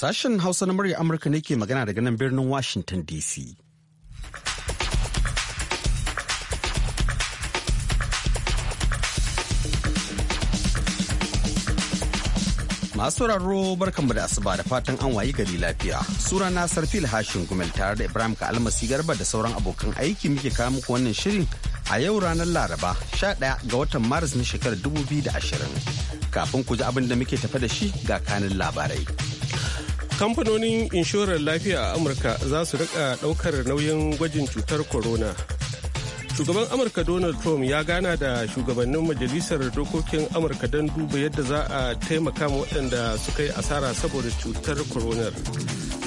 Sashen Hausa na murya Amurka ne ke magana daga nan birnin Washington DC. Masu raro barkanmu da asuba da fatan an wayi gari lafiya. Sura na Sarfil Hashin Gumel tare da Ibrahim ka Almasi Garba da sauran abokan aiki muke kawo muku wannan shirin a yau ranar Laraba 11 ga watan Maris na shekarar 2020. Kafin ku ji abin da muke tafe da shi ga kanin labarai. kamfanonin inshorar lafiya a amurka za su rika daukar nauyin gwajin cutar corona shugaban amurka donald trump ya gana da shugabannin majalisar dokokin amurka don duba yadda za a taimaka waɗanda suka yi asara saboda cutar corona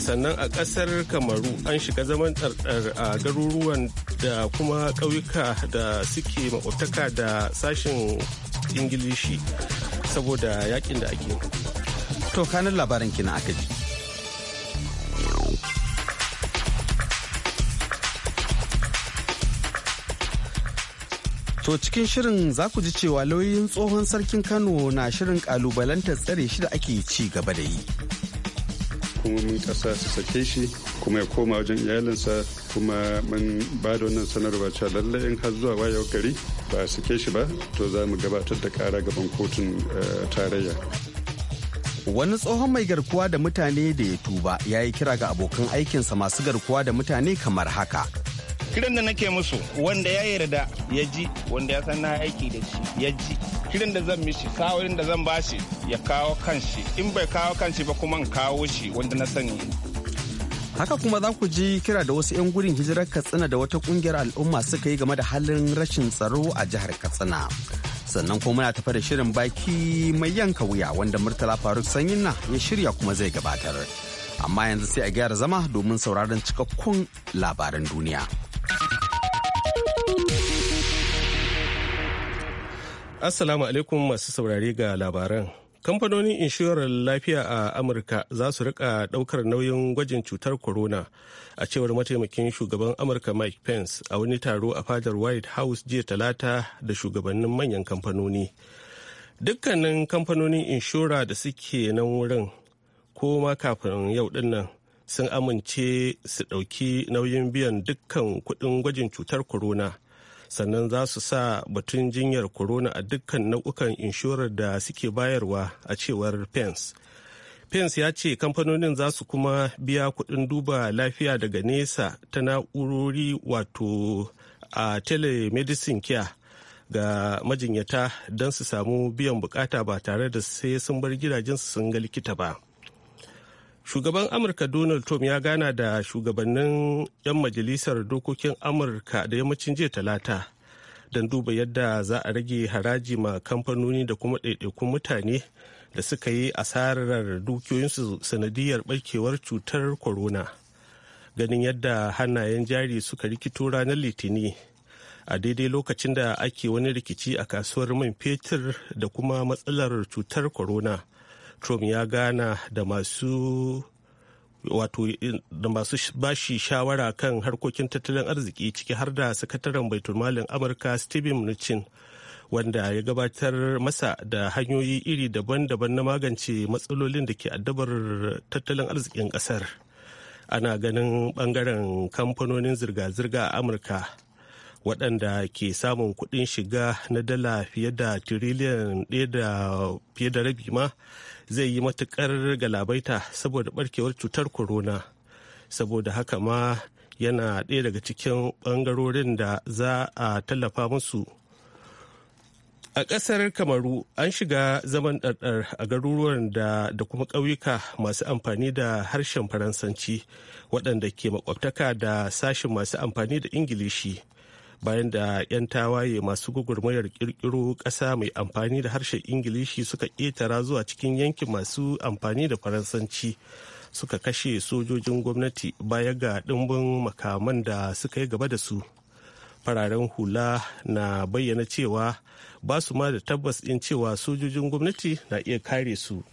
sannan a ƙasar kamaru an shiga zaman a garuruwan da kuma ƙauyuka da suke makwabtaka da sashen ingilishi saboda yakin da ake to kanin labarin kina aka ji To cikin shirin za ku ji cewa lauyoyin tsohon sarkin Kano na shirin kalubalantar tsare shi da ake ci gaba da yi. Hukumomin ƙasa su sake shi kuma ya koma wajen iyalinsa kuma mun ba da wannan sanarwa cewa lalle in har zuwa waya gari ba su sake shi ba to za mu gabatar da ƙara gaban kotun eh, tarayya. Wani tsohon mai garkuwa da mutane da ya tuba ya yi kira ga abokan aikinsa masu garkuwa da mutane kamar haka. kiran da nake musu wanda ya yarda ya ji wanda ya san na aiki da shi ya ji kiran da zan mishi shawarin da zan bashi ya kawo kanshi in bai kawo kanshi ba kuma kawo shi wanda na sani haka kuma za ku ji kira da wasu 'yan gurin hijirar katsina da wata kungiyar al'umma suka yi game da halin rashin tsaro a jihar katsina sannan kuma muna tafa da shirin baki mai yanka wuya wanda murtala faruk sanyin na ya shirya kuma zai gabatar amma yanzu sai a gyara zama domin sauraron cikakkun labaran duniya. Assalamu alaikum masu saurari ga labaran. Kamfanonin inshorar lafiya a Amurka za su rika daukar nauyin gwajin cutar corona a cewar mataimakin shugaban Amurka Mike Pence a wani taro a fadar White House jiya talata da shugabannin manyan kamfanoni. Dukkanin kamfanonin inshora da suke nan wurin ko ma kafin yau dinnan sun amince su ɗauki nauyin biyan dukkan kuɗin gwajin cutar corona. sannan za su sa batun jinyar corona a dukkan nau'ukan inshorar da suke bayarwa a cewar pence pence ya ce kamfanonin za su kuma biya kudin duba lafiya daga nesa ta na'urori wato a telemedicine care ga majinyata don su samu biyan bukata ba tare da sai sun bar gidajensu sun ga likita ba. shugaban amurka donald trump ya gana da shugabannin 'yan majalisar dokokin amurka da yammacin jiya talata don duba yadda za a rage haraji ma kamfanoni da kuma ɗaiɗaikun mutane da suka yi asarar dukiyoyinsu sanadiyar ɓarkewar cutar corona ganin yadda hannayen jari suka rikito ranar litini a daidai lokacin da ake wani rikici a kasuwar man fetur da kuma matsalar cutar corona trump ya gana da masu wato da masu bashi shawara kan harkokin tattalin arziki ciki har da sakataren baitulmalin amurka steven mnuchin wanda ya gabatar masa da hanyoyi iri daban-daban na magance matsalolin da ke addabar tattalin arzikin kasar ana ganin bangaren kamfanonin zirga-zirga a amurka waɗanda ke samun kuɗin shiga na dala fiye da tiriliyan ɗaya da fiye da rabi ma zai yi matukar galabaita saboda barkewar cutar corona saboda haka ma yana ɗaya daga cikin ɓangarorin da za a tallafa musu a ƙasar kamaru an shiga zaman ɗarɗar a garuruwan da da kuma ƙauyuka masu amfani da harshen faransanci waɗanda ke makwabtaka da sashen masu amfani da ingilishi bayan da 'yan tawaye masu gugurmayar kirkiro ƙasa mai amfani da harshen ingilishi suka ƙetara zuwa cikin yankin masu amfani da faransanci suka kashe sojojin gwamnati baya ga ɗimbin makaman da suka yi gaba da su fararen hula na bayyana cewa ba su ma da tabbas ɗin cewa sojojin gwamnati na iya kare su.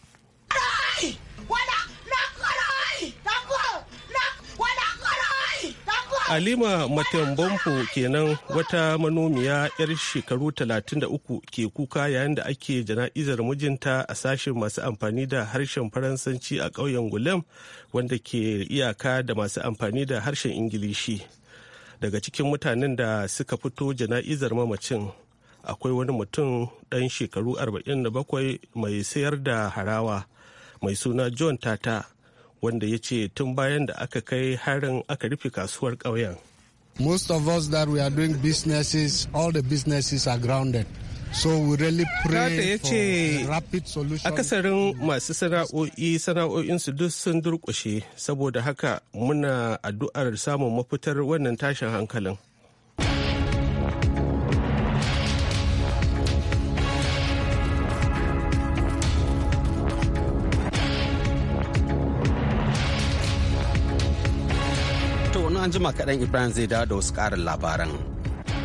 Alima Matembompo kenan wata manomiya 'yar shekaru 33 ke kuka yayin da ake jana'izar mijinta a sashen masu amfani da harshen Faransanci a ƙauyen Gulem wanda ke iyaka da masu amfani da harshen Ingilishi. Daga cikin mutanen da suka fito jana'izar mamacin akwai wani mutum ɗan shekaru 47 mai sayar da harawa mai suna John Tata. wanda ya ce tun bayan da aka kai harin aka rufe kasuwar ƙauyen. Most of us that we are doing businesses, all the businesses are grounded. So we really pray for a rapid solution. Akasarin masu sana'o'i sana'o'insu duk sun durƙushe saboda haka muna addu'ar samun mafitar wannan tashin hankalin. anjima jima kaɗan Ibrahim zai dawo da wasu ƙarin labaran.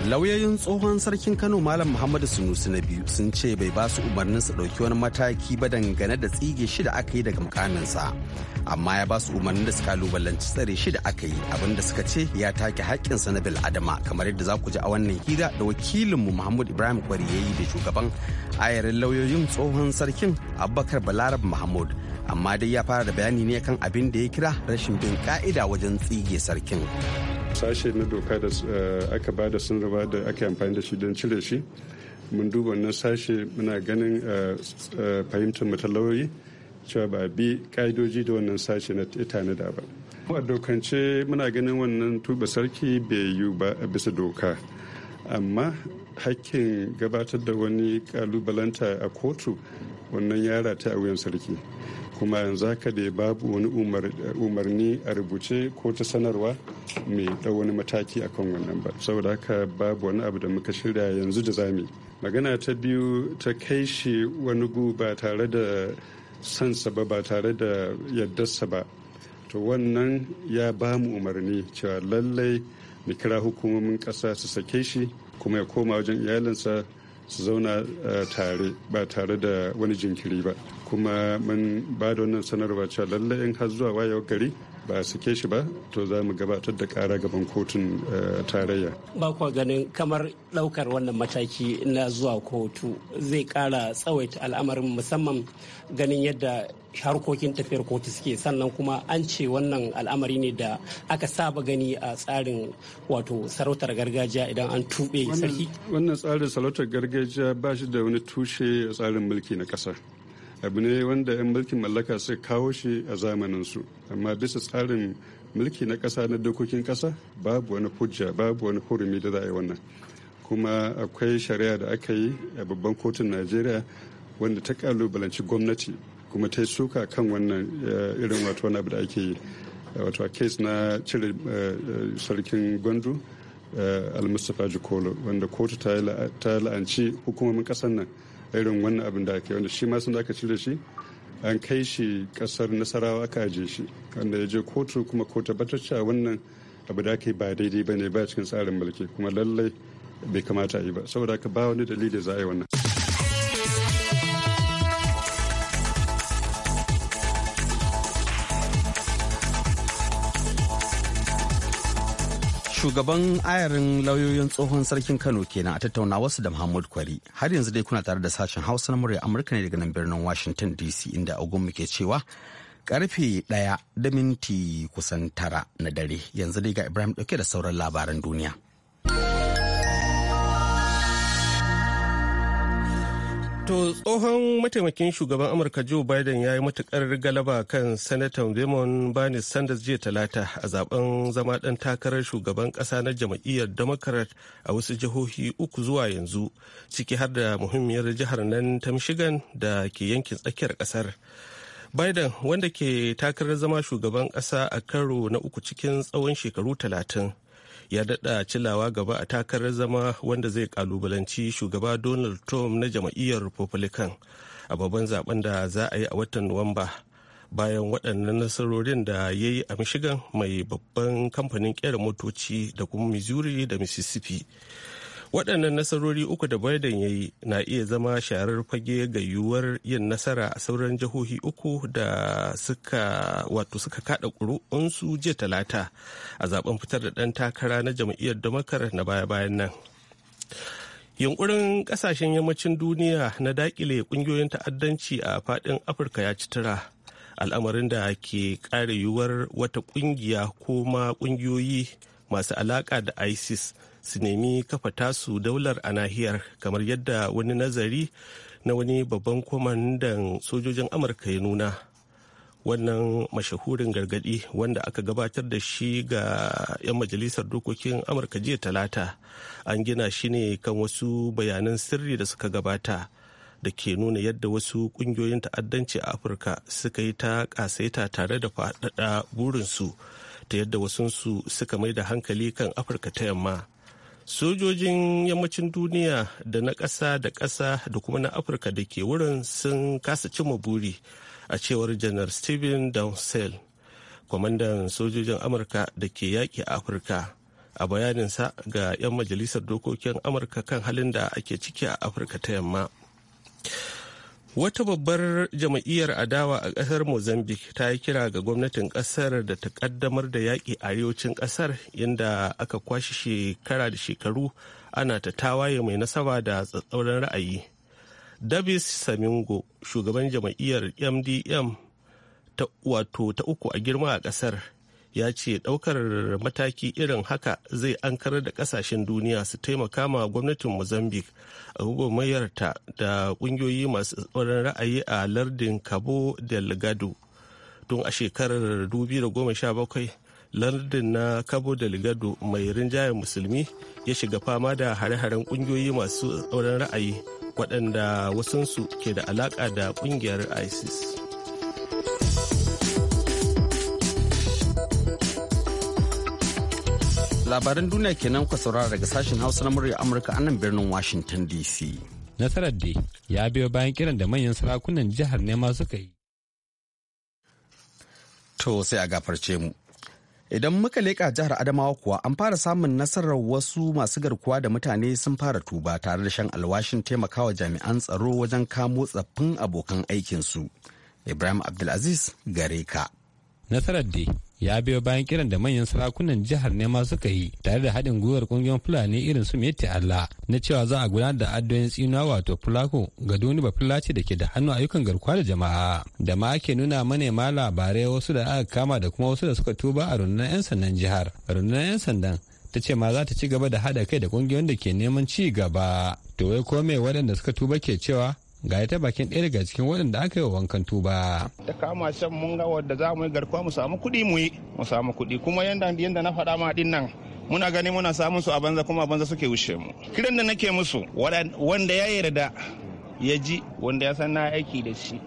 lauyoyin tsohon sarkin kano malam muhammadu sunusi na biyu sun ce bai ba su umarnin su dauki wani mataki ba dangane da tsige shida aka yi daga mukaminsa amma ya ba su umarnin da su kalubalanci tsare shida aka yi abinda suka ce ya take sa na bil adama kamar yadda za ku ji a wannan hira da wakilinmu muhammadu ibrahim kwari ya yi da shugaban ayarin lauyoyin tsohon sarkin abubakar balarab mahmud amma dai ya fara da bayani ne kan abin da ya kira rashin bin ka'ida wajen tsige sarkin sashe na doka da eh, aka ba da sanarwa da ake amfani da shi don cire shi mun duba wannan sashe muna ganin eh, eh, fahimtar matalauyi cewa ba bi ka'idoji da wannan sashe na da ba a dokance muna ganin wannan tuba sarki bai yiwu ba a bisa doka amma hakkin gabatar da wani kalubalanta a kotu wannan yara ta a wuyan sarki kuma yanzu haka da babu wani umarni a rubuce ko ta sanarwa mai ɗau wani mataki akan wannan ba saboda haka babu wani abu da muka shirya yanzu da zami magana ta biyu ta kai shi wani gu ba tare da sansa ba ba tare da yardarsa ba to wannan ya ba mu umarni cewa lallai mu kira hukumomin ƙasa su sake shi kuma ya koma wajen iyalinsa su zauna eh, tare ba tare da wani jinkiri ba kuma mun ba da wannan sanarwa cewa lallai in har zuwa wayewar gari ba sake shi ba to za mu gabatar da kara gaban kotun eh, tarayya. Ba kuwa ganin kamar ɗaukar wannan mataki na zuwa kotu zai ƙara tsawaita al'amarin musamman ganin yadda harkokin tafiyar kotu suke sannan kuma an ce wannan al'amari ne da aka saba gani a tsarin wato sarautar gargajiya idan an tuɓe sarki. Wannan tsarin sarautar gargajiya ba shi da wani tushe a tsarin mulki na ƙasa. abu ne wanda 'yan mulkin mallaka suka kawo shi a zamaninsu amma bisa tsarin mulki na ƙasa na dokokin ƙasa babu wani hujja babu wani hurumi da za a yi wannan kuma akwai shari'a da aka yi a babban kotun najeriya wanda ta kalubalanci gwamnati kuma ta yi suka kan wannan eh, irin wato wani abu da ake yi wato a kes na cire eh, sarkin gwandu eh, almustapha jikolo wanda kotu ta la'anci hukumomin ƙasar nan irin wannan abin da ake wanda shi ma sun da aka cire shi an kai shi kasar nasarawa aka aje shi wanda ya je kotu kuma ko tabbatar cewa wannan abu da aka ba daidai ba ne ba cikin tsarin mulki kuma lallai bai kamata a yi ba saboda haka ba wani dalili za a yi wannan. Shugaban ayarin lauyoyin tsohon sarkin Kano kenan a tattauna wasu da Muhammad Kwari. Har yanzu dai kuna tare da sashen Hausa na murya Amurka ne daga nan birnin Washington DC inda agun muke cewa karfe ɗaya da minti kusan tara na dare yanzu dai ga Ibrahim ɗauke da sauran labaran duniya. To tsohon mataimakin shugaban Amurka Joe Biden ya yi matukar galaba kan Sanatan Vermont Bernie Sanders jiya talata a zaben zama ɗan takarar shugaban ƙasa na jam'iyyar Democrat a wasu jihohi uku zuwa yanzu ciki har da muhimmiyar jihar nan ta Michigan da ke yankin tsakiyar ƙasar. Biden wanda ke takarar zama shugaban ƙasa a karo na uku cikin tsawon shekaru talatin ya daɗa cilawa gaba a takarar zama wanda zai kalubalanci shugaba donald trump na jam'iyyar republican a babban zaben da za a yi a watan nuwamba bayan waɗannan nasarorin da ya yi a michigan mai babban kamfanin kera motoci da kuma missouri da mississippi waɗannan nasarori uku da biden ya yi na iya zama sharar fage ga yiwuwar yin nasara a sauran jihohi uku da suka wato suka kada ƙuri'unsu jiya talata a zaben fitar da ɗan takara na jam'iyyar damakar na baya-bayan nan yunkurin ƙasashen yammacin duniya na dakile ƙungiyoyin ta'addanci a faɗin afirka ya ci tura al'amarin da ke kare yiwuwar wata ƙungiya ko ma ƙungiyoyi masu alaƙa da isis su nemi kafa tasu daular a nahiyar kamar yadda wani nazari na wani babban kwamandan sojojin amurka ya nuna wannan mashahurin gargadi wanda aka gabatar da shi ga 'yan majalisar dokokin amurka jiya talata an gina shi ne kan wasu bayanan sirri da suka gabata da ke nuna yadda wasu kungiyoyin ta'addanci a afirka suka yi ta kasaita tare da faɗaɗa burinsu ta yadda wasunsu suka mai da hankali kan afirka ta yamma sojojin yammacin duniya da na ƙasa da ƙasa da kuma na afirka da ke wurin sun kasa cimma buri a cewar janar steven downsell kwamandan sojojin amurka da ke yaƙi a afirka a bayaninsa ga 'yan majalisar dokokin amurka kan halin da ake ciki a afirka ta yamma wata babbar jama'iyyar adawa a ƙasar mozambique ta yi kira ga gwamnatin ƙasar da ta ƙaddamar da yaƙi a arewacin ƙasar inda aka kwashe shekara da shekaru ana ta tawaye mai nasaba da tsatsauran ra'ayi davis samingo shugaban jama'iyyar mdm ta wato ta uku a girma a ƙasar ya ce ɗaukar mataki irin haka zai ankarar da ƙasashen duniya su taimaka ma gwamnatin mozambique a ta da ƙungiyoyi masu tsoron ra'ayi a lardin cabo delgado tun a shekarar 2017 lardin na cabo delgado mai rinjayen musulmi ya shiga fama da hare-haren ƙungiyoyi masu tsoron ra'ayi waɗanda wasansu ke da alaƙa da ƙungiyar isis labaran duniya kenan ku saurara daga sashen hausa na murya amurka a nan birnin washington dc nasarar da ya biyo bayan kiran da manyan sarakunan jihar nema suka yi to sai a gafarce mu idan muka leƙa jihar adamawa kuwa an fara samun nasarar wasu masu garkuwa da mutane sun fara tuba tare da shan alwashin taimakawa jami'an tsaro wajen kamo tsaffin abokan aikinsu ibrahim abdulaziz gare ka nasarar da. ya biyo bayan kiran da manyan sarakunan jihar nema suka yi tare da haɗin gwiwar ƙungiyar fulani irin su mete allah na cewa za a gudanar da addu'o'in tsina wato fulako ga duni bafulaci da ke da hannu ayyukan garkuwa da jama'a da ma ake nuna manema labarai wasu da aka kama da kuma wasu da suka tuba a rundunar 'yan sandan jihar rundunar 'yan sandan ta ce ma za ta ci gaba da haɗa kai da ƙungiyoyin da ke neman ci gaba to wai ko me waɗanda suka tuba ke cewa ga ta bakin ɗaya daga cikin waɗanda aka yi wankan tuba. Ta kama shan mun ga wadda za mu yi garkuwa mu samu kuɗi mu yi mu samu kuɗi kuma yanda yanda na faɗa ma ɗin nan muna gani muna samun su a banza kuma a banza suke wuce mu. Kiran da na ke musu wanda ya yarda ya ji wanda ya san na aiki da shi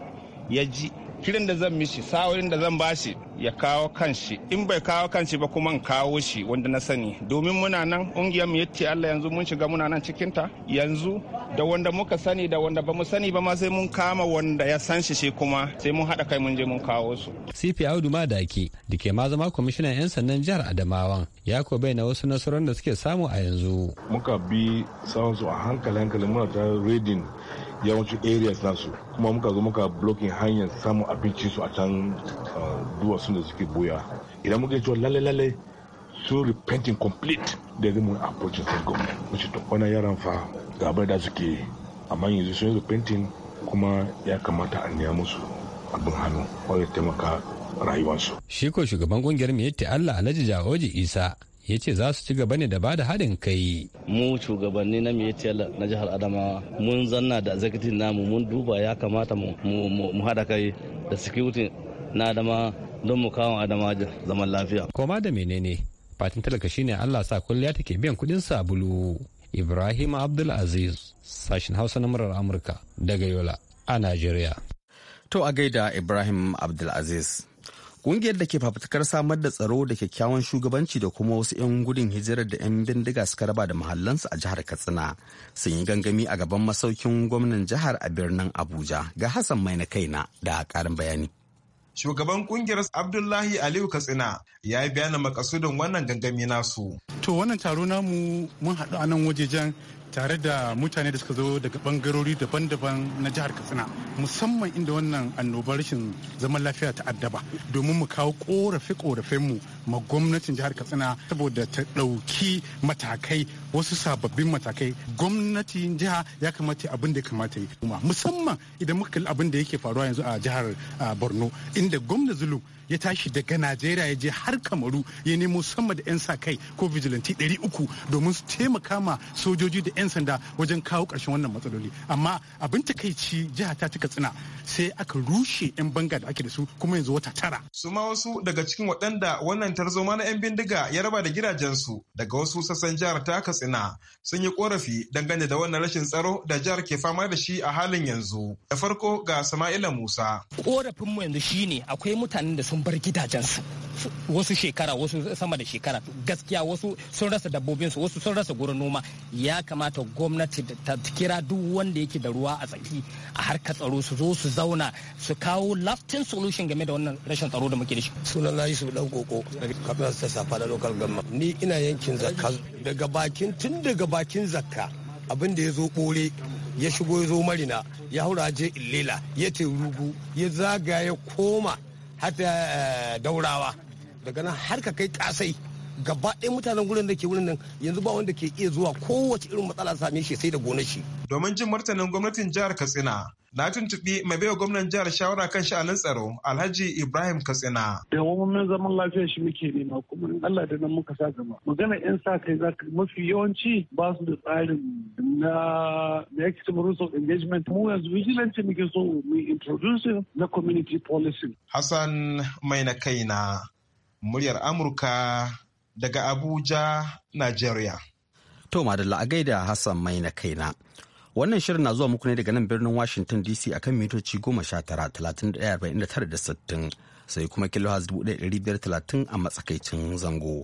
ya ji kiran da zan mishi sawarin da zan bashi ya kawo kanshi in bai kawo kanshi ba kuma kawo shi wanda na sani domin muna nan ungiyar mu yatti Allah yanzu mun shiga muna nan cikin ta yanzu da wanda muka sani da wanda bamu sani ba ma sai mun kama wanda ya san shi shi kuma sai mun hada kai mun je mun kawo su CP Audu Madaki da ke ma zama kwamishinan yan sannan jihar adamawa ya ko na wasu nasarorin da suke samu a yanzu muka bi sawansu a hankali hankali muna ta reading yawancin areas nasu kuma muka zo muka blocking hanyar samun abinci su a can uh, duwatsun da suke boya idan muka cewa lalle lalle su repenting complete da zai mun approach sai government mace to wannan yaran fa gabar da suke amma yanzu sun repenting kuma ya kamata a nemi musu abin hannu wanda taimaka rayuwarsu. Shi ko shugaban kungiyar Miyetti Allah Alhaji Jawoji Isa ya ce za su ci gaba ne da ba da haɗin kai. Mu shugabanni na Mietel na jihar Adamawa mun zanna da zakitin namu mun duba ya kamata mu haɗa kai da security na Adama don mu kawo Adama zaman lafiya. Koma da menene fatin talaka shine Allah sa kulliya take biyan kuɗin sabulu. Ibrahim Abdulaziz sashen Hausa na murar Amurka daga Yola a Najeriya. To a gaida Ibrahim Abdulaziz. Ƙungiyar da ke fafutukar samar da tsaro da kyakkyawan shugabanci da kuma wasu 'yan gudun hijirar da 'yan bindiga suka raba da mahallansu a jihar Katsina sun yi gangami a gaban masaukin gwamnan jihar a birnin Abuja ga Hassan Mai na kaina da karin bayani. shugaban kungiyar abdullahi aliyu katsina ya yi bayanin makasudin wannan gangami nasu to wannan taro namu mun haɗu a nan wajejen tare da mutane da suka zo daga bangarori daban-daban na jihar katsina musamman inda wannan annobar rashin zaman lafiya ta addaba domin mu kawo korafe mu ma gwamnatin jihar katsina saboda ta ɗauki matakai wasu sababbin matakai gwamnatin jiha ya kamata abin da ya kamata yi musamman idan muka kalli abin da yake faruwa yanzu a jihar borno inda gwamna zulum ya tashi daga najeriya ya je har kamaru ya nemo sama da 'yan sa kai ko vigilante 300 domin su taimaka ma sojoji da 'yan 'yan sanda wajen kawo ƙarshen wannan matsaloli amma abin takaici jiha ta cika katsina sai aka rushe 'yan banga da ake da su kuma yanzu wata tara. su ma wasu daga cikin waɗanda wannan tarzoma na 'yan bindiga ya raba da gidajensu daga wasu sassan jihar ta katsina sun yi korafi dangane da wannan rashin tsaro da jihar ke fama da shi a halin yanzu da farko ga sama'ila musa Ƙorafinmu yanzu shine akwai mutanen da sun bar gidajensu wasu shekara wasu sama da shekara gaskiya wasu sun rasa dabbobinsu wasu sun rasa gurin noma ya kamata wato gwamnati ta kira duk wanda yake da ruwa a tsaki a harkar tsaro su zo su zauna su kawo laftin solution game da wannan rashin tsaro da muke da shi sunan na yusuf dan koko kafin ta safa da local government ni ina yankin zakka daga bakin tun daga bakin zakka abin da ya zo kore ya shigo ya zo marina ya haura je illela ya rugu ya zaga ya koma hata eh, daurawa daga nan har ka kai kasai gaba ɗaya mutanen gurin da ke wurin nan yanzu ba wanda ke iya zuwa kowace irin matsala same shi sai da gonar shi. Domin jin martanin gwamnatin jihar Katsina na tuntuɓi mai baiwa gwamnan jihar shawara kan sha'anin tsaro Alhaji Ibrahim Katsina. Da mun zaman lafiya shi muke nema kuma in Allah da nan muka sa gaba. Magana yan sa kai za ka mafi yawanci ba su da tsarin na da ya kisa rules of engagement mu yanzu vigilance muke so mu introduce na community policy. Hassan mai na na muryar Amurka daga Abuja, Najeriya. To Madalla a gaida Hassan mai na kaina. Wannan shirin na zuwa muku ne daga nan birnin Washington DC akan mitoci 19 sai kuma kilohaz 1530 a matsakaicin zango.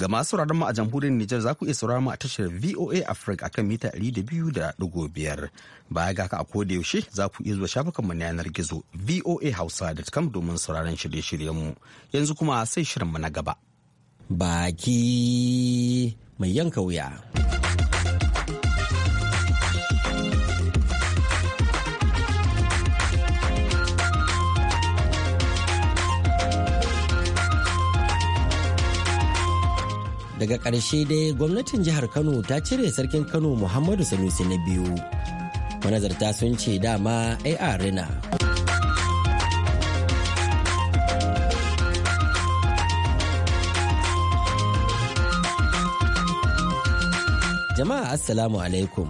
Ga masu sauraron mu a jamhuriyar Nijar za ku iya sauraron mu a tashar VOA Africa akan mita 200.5. Baya ga haka a koda yaushe za ku iya zuwa shafukan mu na yanar gizo voahausa.com domin sauraron shirye-shiryen mu. Yanzu kuma sai shirin mu na gaba. baki mai yanka wuya. Daga ƙarshe dai gwamnatin jihar Kano ta cire sarkin Kano Muhammadu Sanusi na biyu. Manazarta sun ce dama ai arena. assalamu alaikum.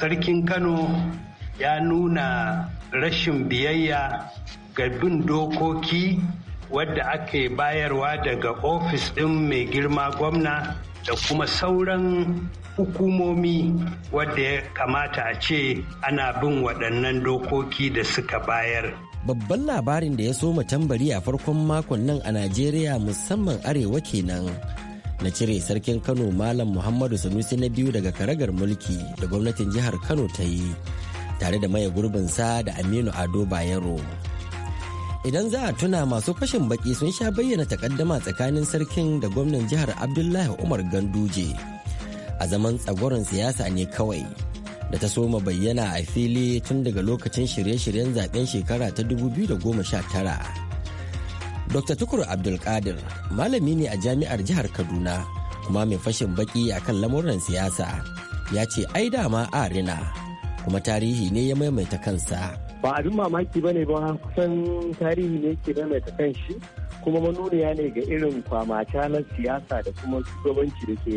Sarkin Kano ya nuna rashin biyayya ga bin dokoki wadda ake bayarwa daga ofis ɗin mai girma gwamna da kuma sauran hukumomi wadda ya kamata a ce ana bin waɗannan dokoki da suka bayar. Babban labarin da ya soma tambari a farkon makon nan a Najeriya musamman arewa kenan. na cire sarkin kano malam muhammadu sanusi na biyu daga karagar mulki da gwamnatin jihar kano ta yi tare da maye gurbinsa da aminu ado bayero idan za a tuna masu fashin baki sun sha bayyana takaddama tsakanin sarkin da gwamnan jihar abdullahi umar ganduje a zaman tsagoron siyasa ne kawai da ta soma bayyana a fili tun daga lokacin shirye-shiryen zaben shekara ta 2019 Dr. Tukur Abdulkadir malami ne a jami'ar jihar Kaduna kuma mai fashin baki a kan lamuran siyasa ya ce ai dama arina kuma tarihi ne ya maimaita kansa. Ba abin mamaki ba ne ba kusan tarihi ne ke maimaita shi kuma manoniya ne ga irin kwamata na siyasa da kuma shugabanci da ke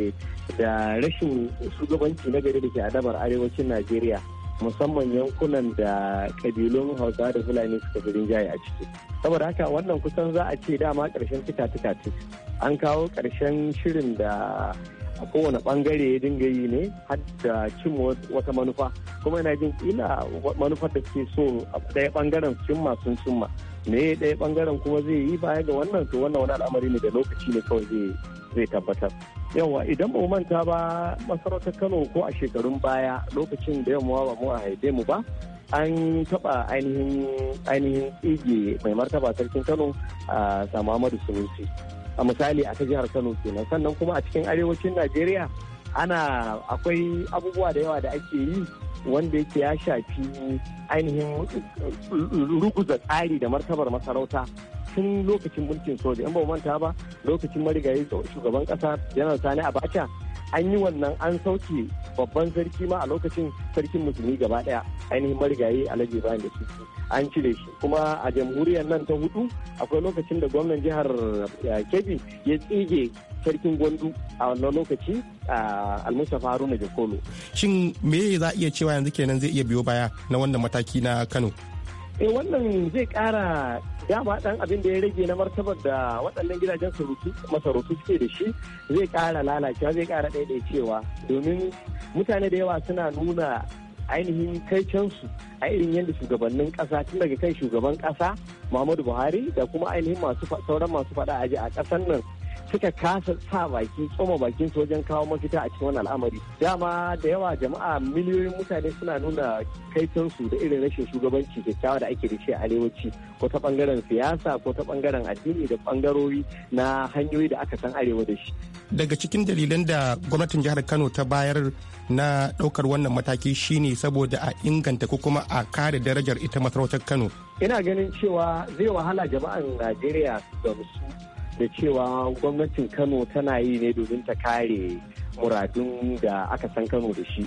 da rashin shugabanci na gari da ke adabar arewacin Najeriya. musamman yankunan da kabilun hausa da fulani suka fi rinjaye a ciki saboda haka wannan kusan za a ce dama karshen tuka ce an kawo karshen shirin da a kowane bangare ya dinga yi ne har da cin wata manufa kuma yana jin kila manufar da suke so a ɗaya bangaren cimma sun cimma me ɗaya ɓangaren kuma zai yi baya ga wannan to wannan wani al'amari ne da lokaci ne kawai zai zai tabbatar yawa idan ba manta ba masarautar kano ko a shekarun baya lokacin da yamma ba mu a haife mu ba an taɓa ainihin tsige mai martaba sarkin kano a samamadu sunusi a misali a ta jihar kano kenan sannan kuma a cikin arewacin najeriya ana akwai abubuwa da yawa da ake yi wanda yake ya shafi ainihin uh, ruguza tsari da martabar masarauta tun lokacin mulkin soja in ba manta ba lokacin marigayi shugaban kasa janar sani abacha an yi wannan an sauke babban sarki ma a lokacin sarkin musulmi gaba daya ainihin marigayi alhaji bayan da su an cire shi kuma a jamhuriyar nan ta hudu akwai lokacin da gwamnan jihar uh, kebbi ya tsige sarkin gwandu a wannan lokaci a almustapha haruna jakolo shin me za a iya cewa yanzu kenan zai iya biyo baya na wannan mataki na kano eh wannan zai kara dama dan abin da ya rage na martabar da waɗannan gidajen masarautu suke da shi zai kara lalacewa zai kara cewa domin mutane da yawa suna nuna ainihin kaicensu a irin yadda shugabannin kasa tun daga kan shugaban kasa muhammadu buhari da kuma ainihin masu sauran masu faɗa aji a ƙasar nan suka kasa sa baki tsoma bakin su wajen kawo mafita a cikin wannan al'amari dama da yawa jama'a miliyoyin mutane suna nuna kaitansu da irin rashin shugabanci kyakkyawa da ake da shi a arewaci ko ta bangaren siyasa ko ta bangaren addini da bangarori na hanyoyi da aka san arewa da shi daga cikin dalilan da gwamnatin jihar kano ta bayar na daukar wannan mataki shine saboda a inganta ko kuma a kare darajar ita masarautar kano ina ganin cewa zai wahala jama'an najeriya da su da cewa gwamnatin kano tana yi ne domin ta kare muradun da aka san kano da shi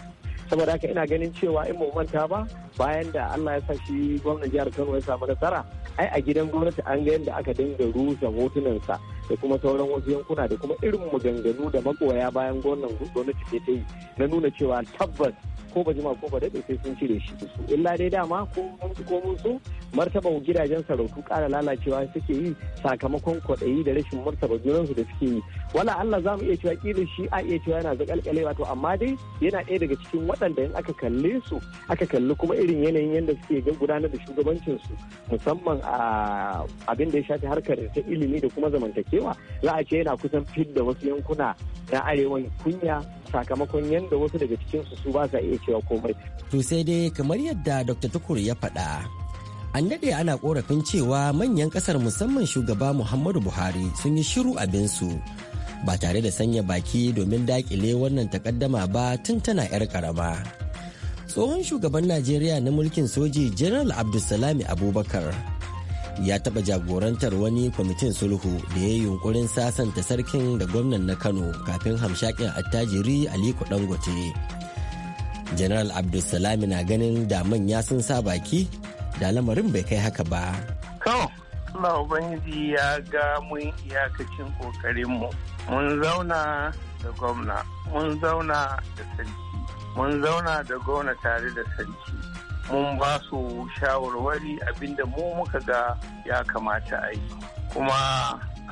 saboda haka ina ganin cewa in mu manta ba bayan da Allah ya sa shi gwamnan jihar Kano ya samu nasara ai a gidan gwamnati an ga yadda aka dinga rusa hotunansa da kuma sauran wasu yankuna da kuma irin maganganu da magoya bayan gwamnan gwamnati ke ta yi na nuna cewa tabbas ko ba jima ko ba daɗe sai sun cire shi su illa dai dama ko mun ko mun so martaba gidajen sarautu ƙara lalacewa suke yi sakamakon kwaɗayi da rashin martaba junansu da suke yi wala Allah za mu iya cewa ƙila shi a iya cewa yana zaƙalƙale wato amma dai yana ɗaya daga cikin waɗanda in aka kalle su aka kalli kuma irin yanayin yadda suke gudanar da shugabancinsu musamman a abin da ya shafi harkar ta ilimi da kuma zamantakewa Yawa za a ce yana kusan fidda wasu yankuna na arewan kunya sakamakon yadda wasu daga cikin su ba sa iya cewa komai. To sai dai kamar yadda Dr. Tukur ya faɗa. An daɗe ana korafin cewa manyan ƙasar musamman shugaba Muhammadu Buhari sun yi shiru su ba tare da sanya baki domin daƙile wannan takaddama ba tun tana 'yar ƙarama. Tsohon shugaban Najeriya na mulkin soji General Abdulsalami Abubakar ya taɓa jagorantar wani kwamitin sulhu da ya yi yunkurin sasanta sarkin da gwamnan na kano kafin hamshakin attajiri aliko dangote general abdulsalami na ganin da manya sun sa baki da lamarin bai kai haka ba Allah Ubangiji ya ga mun iyakacin ƙoƙarinmu. Mun zauna da gwamna, mun zauna da sarki, mun zauna da gwamna tare da sarki, mun ba su shawarwari abinda mu muka ga ya kamata a yi kuma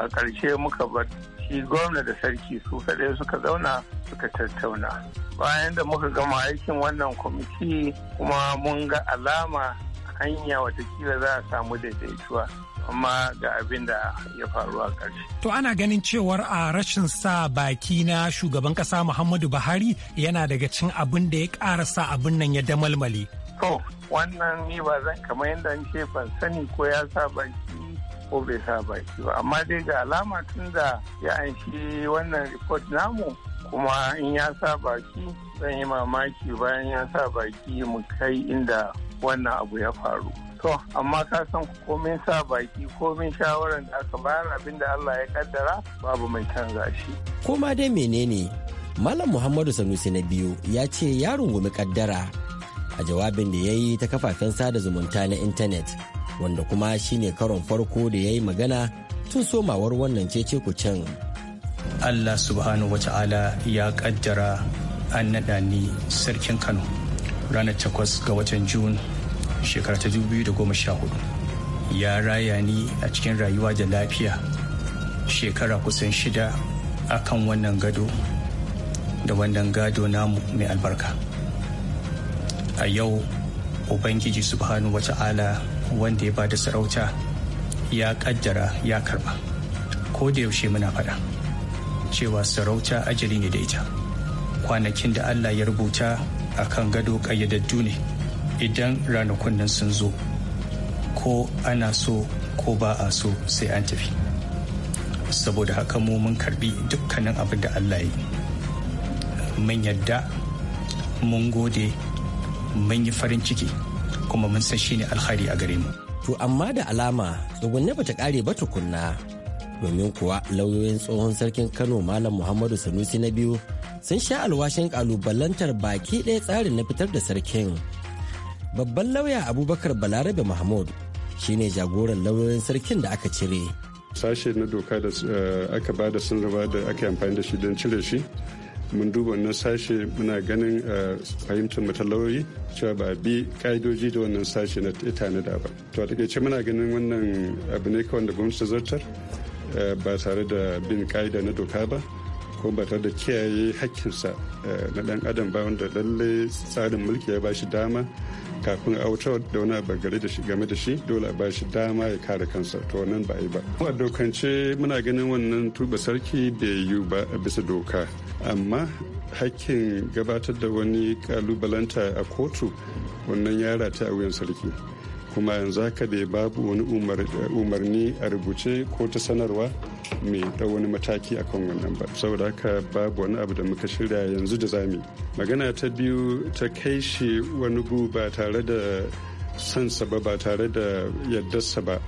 a ƙarshe muka bar shi gwamna da sarki su kaɗai suka zauna suka tattauna bayan da muka gama aikin wannan kwamiti kuma mun ga alama hanya watakila za a samu daidaituwa amma ga abin da ya faru a ƙarshe. To ana ganin cewar a rashin sa baki na shugaban ƙasa Muhammadu Buhari yana daga cin abin da ya ƙara sa abin nan ya damalmale. To, wannan ni ba zan kamar yadda an ce ban sani ko ya sa baki ko bai sa baki ba. Amma dai ga alama tun da ya an shi wannan report namu kuma in ya sa baki zan yi mamaki bayan ya sa baki mu kai inda wannan abu ya faru. To, amma ka san komin sa baki komin shawarar da aka bayar abin da Allah ya kaddara babu mai canza shi. Koma dai menene? Malam Muhammadu Sanusi na biyu ya ce ya rungumi kaddara a jawabin da ya yi ta kafafen sada zumunta na intanet wanda kuma shi ne karon farko da ya yi magana tun somawar wannan cece can. Allah subhanahu wa ta'ala ya kaddara an naɗa ni sarkin Kano ranar takwas ga watan Jun shekara ta hudu ya raya ni a cikin rayuwa da lafiya shekara kusan shida akan wannan gado da wannan gado namu mai albarka. a yau ubangiji subhanu subhanahu wata'ala wanda ya ba da sarauta ya kaddara ya karba ko da yaushe muna faɗa cewa sarauta ajali ne da ita kwanakin da allah ya rubuta a kan gado ƙayyadaddu ne idan ranakun nan sun zo ko ana so ko ba a so sai an tafi saboda haka mu mun karbi dukkanin abin da allah ya yi mun yadda mun gode mun yi farin ciki kuma mun san shine alkhairi a gare mu to amma da alama tsugunne bata kare ba tukunna domin kuwa lauyoyin tsohon sarkin kano malam muhammadu sanusi na biyu sun sha alwashin kalubalantar baki ɗaya tsarin na fitar da sarkin babban lauya abubakar balarabe mahmud shine jagoran lauyoyin sarkin da aka cire sashe na doka da eh, aka bada sun da aka amfani da shi don cire shi mun duba wannan sashe muna ganin eh, fahimtar matalauri cewa ba bi ka'idoji da wannan sashe na da ba to a ce muna ganin wannan abu ne kawai da gwamnati zartar eh, ba tare da bin ka'ida na doka ba ko ba tare da kiyaye hakkinsa eh, na dan adam ba wanda lalle tsarin mulki ya bashi dama kafin a wuce da wani abu gare da shi game da shi dole a ba shi dama ya kare kansa to nan ba a yi ba a dokance muna ganin wannan tuba sarki bai yiwu ba a bisa doka amma hakkin gabatar da wani kalubalanta a kotu wannan ya rata a wuyan sarki kuma yanzu haka da babu wani umarni a rubuce ko ta sanarwa mai ɗau wani mataki akan wannan ba saboda haka babu wani abu da muka shirya yanzu da zami magana ta biyu ta kai shi wani gu ba tare da sansa ba ba tare da yardarsa ba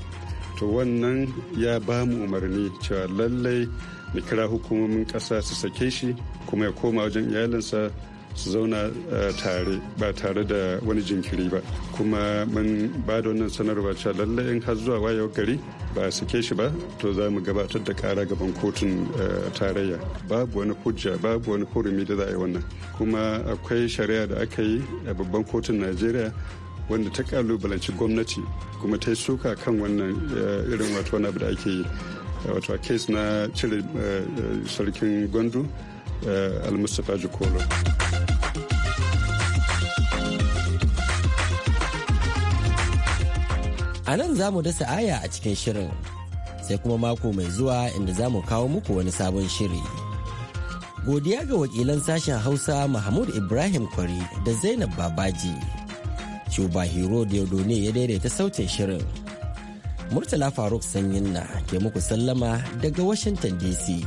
to wannan ya ba mu umarni cewa lallai mu kira hukumomin ƙasa su sake shi kuma ya koma wajen iyalinsa su zauna eh, tare ba tare da wani jinkiri ba kuma mun ba da wannan sanarwa cewa lallai in har zuwa wayewar gari ba a sake shi ba to za mu gabatar da kara gaban kotun eh, tarayya babu wani hujja babu wani hurumi da za a yi wannan kuma akwai shari'a da aka yi a babban kotun najeriya wanda ta kalubalanci gwamnati kuma ta yi suka kan wannan eh, irin wato wani abu da ake yi wato a kes na cire sarkin gwandu almustapha jikolo. A nan za mu dasa aya a cikin shirin, sai kuma mako mai zuwa inda za mu kawo muku wani sabon shiri. Godiya ga wakilan sashen Hausa Mahmud Ibrahim Kwari da Zainab Babaji. Cuba Hero ne ya daidaita sautin shirin. Murtala Faruk Sanyin na ke muku sallama daga Washington DC.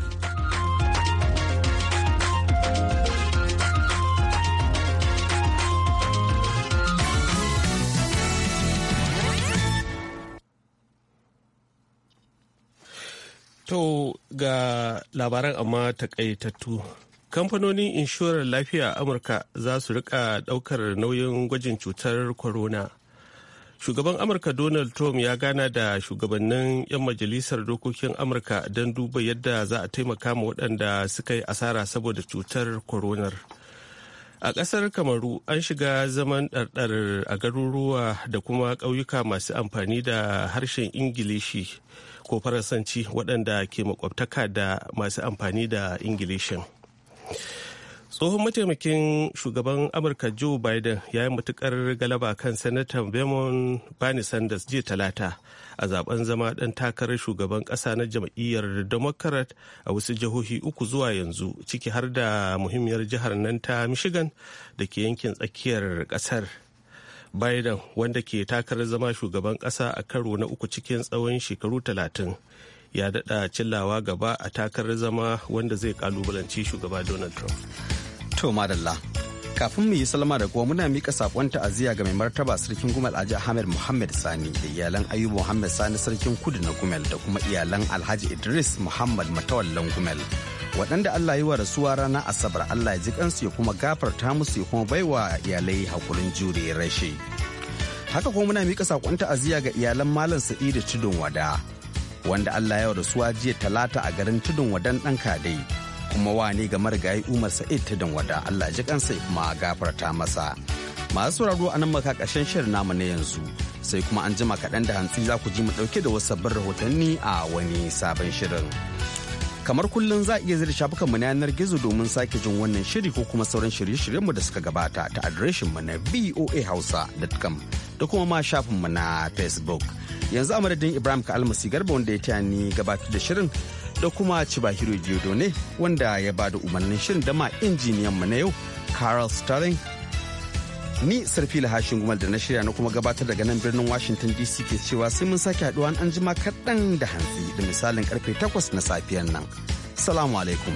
To ga labaran amma takaitattu. Kamfanonin inshorar lafiya a Amurka za su rika daukar nauyin gwajin cutar corona. Shugaban Amurka Donald Trump ya gana da shugabannin 'yan majalisar dokokin Amurka don duba yadda za a taimaka ma waɗanda suka yi asara saboda cutar coronar. A ƙasar Kamaru an shiga zaman ɗarɗar a garuruwa da kuma ƙauyuka masu amfani da harshen Ingilishi ko Faransanci waɗanda ke makwabtaka da masu amfani da Ingilishin. Tsohon mataimakin shugaban Amurka Joe Biden ya yi matuƙar galaba kan Sanatan Vermont Bernie Sanders jiya talata a zaben zama ɗan takarar shugaban ƙasa na jam'iyyar democrat a wasu jihohi uku zuwa yanzu ciki har da muhimmiyar jihar nan ta michigan da ke yankin tsakiyar ƙasar biden wanda ke takarar zama shugaban ƙasa a karo na uku cikin tsawon shekaru talatin ya daɗa cillawa gaba a takarar zama wanda zai kalubalanci shugaba donald trump to kafin mu yi salama da kuma muna mika sakon ta'aziyya ga mai martaba sarkin gumal aji Ahmed Muhammad Sani da iyalan Ayuba Muhammad Sani sarkin kudu na gumel da kuma iyalan Alhaji Idris Muhammad Matawallan gumel. Waɗanda Allah yi wa rasuwa ranar Asabar Allah ya ji kansu ya kuma gafarta musu ya kuma baiwa iyalai hakurin jure rashi. Haka kuma muna mika sakon ta'aziyya ga iyalan Malam Sa'idu Tudun Wada wanda Allah ya rasuwa jiya talata a garin Tudun Wadan ɗan Kadai. kuma wane ga marigayi Umar Sa'id ta danwada Allah ji kansa kuma gafarta masa. Masu sauraro a nan maka ƙarshen shirin namu na yanzu sai kuma an jima kaɗan da hantsi za ku ji mu ɗauke da wasu sabbin rahotanni a wani sabon shirin. Kamar kullum za a iya zira shafukanmu na yanar gizo domin sake jin wannan shiri ko kuma sauran shirye-shiryenmu da suka gabata ta mu na voahausa.com da kuma ma shafinmu na Facebook. Yanzu a madadin Ibrahim Almasi Garba wanda ya taya ni gabatar da shirin da kuma Chibahiro ne wanda ya ba da umarnin shirin dama injiniyan mu na yau Carl Sterling. Ni sarfi hashin gumal da na shirya na kuma gabatar daga nan birnin Washington DC ke cewa sai mun sake haduwa an jima kaɗan da hantsi da misalin karfe takwas na safiyar nan. Salamu alaikum.